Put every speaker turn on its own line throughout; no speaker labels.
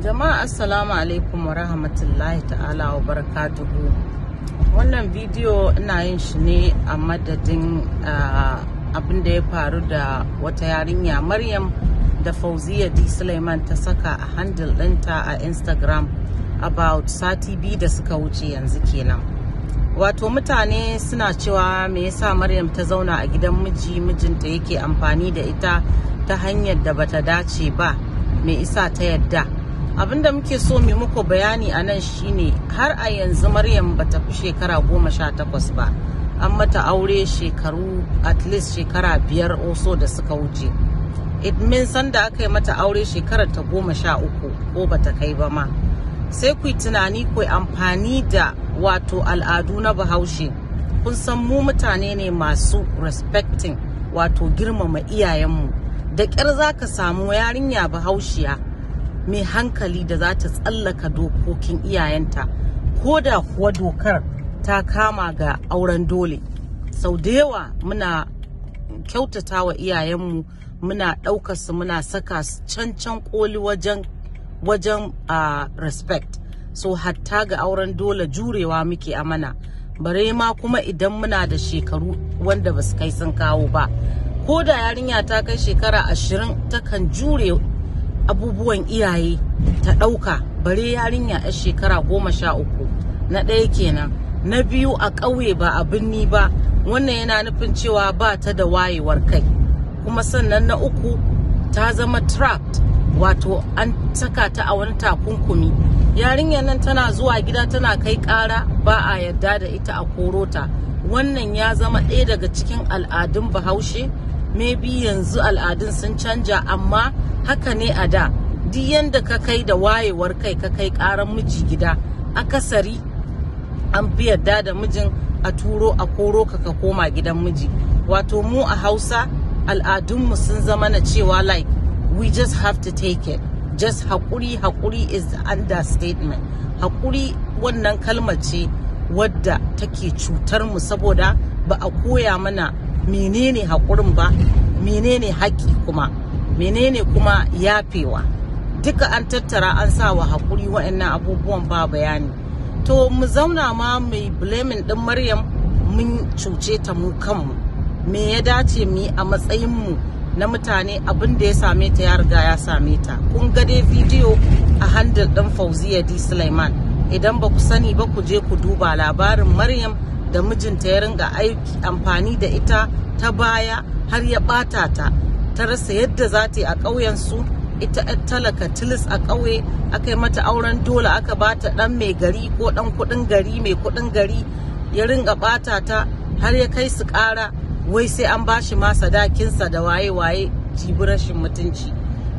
jama'a assalamu alaikum wa rahmatullahi ta'ala wa barakatuhu wannan bidiyo ina yin shi ne a madadin uh, abin da ya faru da wata yarinya maryam da fauziya d suleiman ta saka a handle ɗinta a instagram about sati biyu da suka wuce yanzu kenan wato mutane suna cewa me yasa maryam ta zauna a gidan miji mijinta yake amfani da ita ta hanyar da bata dace ba me isa ta yadda abinda muke so mu muku bayani a nan shine har a yanzu maryam ba ta fi shekara goma sha takwas ba an mata aure shekaru at least shekara biyar oso da suka wuce it means sanda aka yi mata aure shekarar ta goma sha uku ko ba ta kai ba ma sai ku tunani ku amfani da wato al'adu na bahaushe kun san mu mutane ne masu respecting wato girmama iyayenmu da ƙyar za ka samu yarinya bahaushiya mai hankali da za ta tsallaka dokokin iyayenta ko da kuwa dokar ta kama ga auren dole sau da yawa muna kyautata wa iyayenmu muna ɗauka su muna saka su cancan koli wajen wajen uh, respect so hatta ga auren dole jurewa muke amana bare ma kuma idan muna da shekaru wanda ba su kai sun kawo ba ko da yarinya ta kai shekara ashirin takan jure abubuwan iyaye ta ɗauka bare yarinya a shekara goma sha uku na ɗaya kenan na biyu a ƙauye ba a birni ba wannan yana nufin cewa ba ta da wayewar kai kuma sannan na uku ta zama trapped wato an saka ta a wani takunkumi yarinyar nan tana zuwa gida tana kai ƙara ba a yarda da ita a korota wannan ya zama ɗaya daga cikin al'adun bahaushe maybe yanzu al'adun sun canja amma haka ne a da duk yadda ka kai da wayewar kai ka kai karan miji gida akasari an fi yarda da mijin a turo a koro ka ka koma gidan miji wato mu a hausa al'adunmu sun zama na cewa like we just have to take it just haƙuri haƙuri is the understatement haƙuri wannan kalmar ce wadda take cutar mu saboda ba a koya mana menene haƙurin ba menene haƙi kuma menene kuma yafewa duka an tattara an sa wa hakuri wa'annan abubuwan ba bayani to mu zauna ma mai blaming ɗin maryam mun cuce ta mu kanmu me ya dace mu a matsayin mu na mutane abin da ya same ta ya riga ya same ta kun ga dai bidiyo a handle ɗin fauziya di suleiman idan ba ku sani ba ku je ku duba labarin maryam da mijinta ya ringa aiki amfani da ita ta baya har ya bata ta ta rasa yadda za ta yi a ƙauyensu ita yar talaka tilis a ƙauye aka yi mata auren dole aka bata ɗan mai gari ko ɗan kuɗin gari mai kuɗin gari ya ringa bata ta har ya kai su ƙara wai sai an ba shi ma sadakinsa da waye-waye jibi rashin mutunci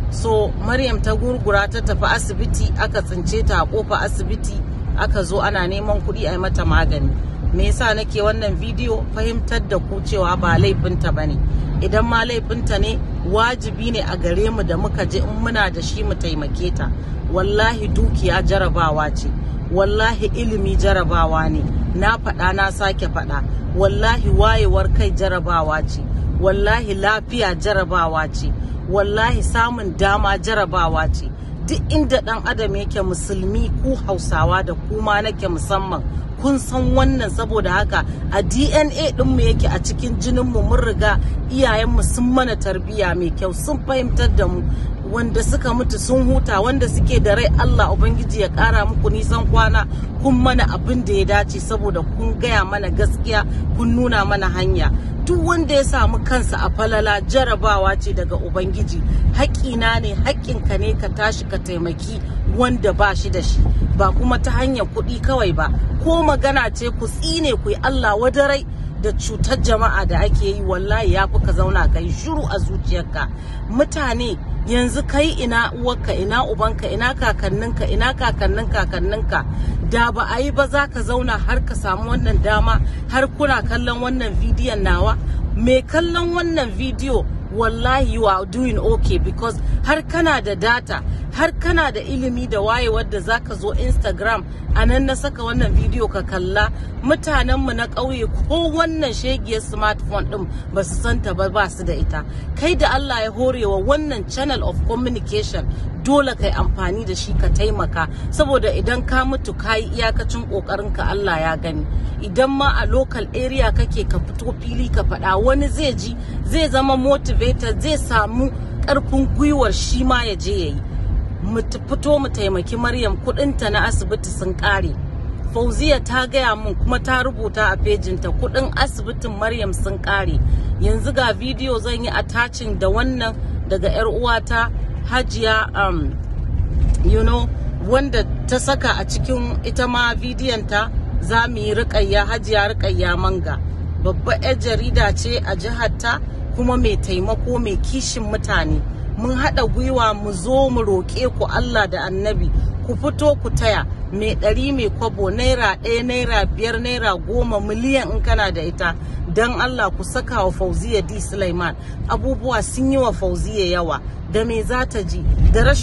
so maryam ta gurgura ta tafi asibiti aka tsince ta a kofa asibiti aka zo ana neman kuɗi a mata magani me yasa nake wannan bidiyo fahimtar da ku cewa ba laifinta ba ne idan ma laifinta ne wajibi ne a gare mu da muka je in muna da shi mu taimake ta wallahi dukiya jarabawa ce wallahi ilimi jarabawa ne na faɗa na sake faɗa wallahi wayewar kai jarabawa ce wallahi lafiya jarabawa ce wallahi samun dama jarabawa ce duk inda dan adam yake musulmi ku hausawa da kuma nake musamman kun san wannan saboda haka a dna ɗinmu yake a cikin jininmu mun riga iyayenmu sun mana tarbiyya mai kyau sun fahimtar da mu wanda suka mutu sun huta wanda suke da rai Allah Ubangiji ya kara muku nisan kwana kun mana abin da ya dace saboda kun gaya mana gaskiya kun nuna mana hanya duk wanda ya samu kansa a falala jarabawa ce daga ubangiji haƙƙina ne ka ne ka tashi ka taimaki wanda ba shi da shi ba kuma ta hanyar kuɗi kawai ba ko magana ce ku tsine ku yi allah wadarai da cutar jama'a da ake yi wallahi ya fi ka zauna ka yi shiru a zuciyarka mutane yanzu kai ina uwarka ina ubanka ina kakanninka ina kakannin kakanninka da ba a yi ba za ka zauna har ka samu wannan dama har kuna kallon wannan bidiyon nawa mai kallon wannan bidiyo wallahi you are doing okay because har kana da data har kana da ilimi da wayewar da zaka zo instagram a nan na saka wannan bidiyo ka kalla mutanenmu na ƙauye ko wannan shegiyar smartphone ɗin ba su santa ba ba su da ita kai da Allah ya horewa wannan channel of communication dole kai amfani da shi ka taimaka saboda idan ka mutu ka yi iyakacin ƙoƙarinka Allah ya gani idan ma a local area kake ka fito fili ka faɗa wani zai ji zai zama motivator, zai samu ƙarfin gwiwar shi ma ya je ya yi mu fito mu taimaki maryam kudinta na asibiti sun kare fauziya ta gaya mun kuma ta rubuta a fejinta kudin asibitin maryam sun kare yanzu ga bidiyo zan yi attaching da wannan daga yar uwata hajiya um, you know wanda ta saka a cikin ita ma bidiyonta za mu yi rikayya hajiya rikayya manga babba 'yar jarida ce a jihar ta kuma mai taimako mai kishin mutane mun haɗa gwiwa mu zo mu roƙe ku Allah da annabi ku fito ku taya mai ɗari mai kwabo naira ɗaya naira biyar naira goma miliyan in kana da ita don Allah ku saka wa fauziya di Sulaiman abubuwa sun yi wa fauziya yawa da me za ta ji da rashin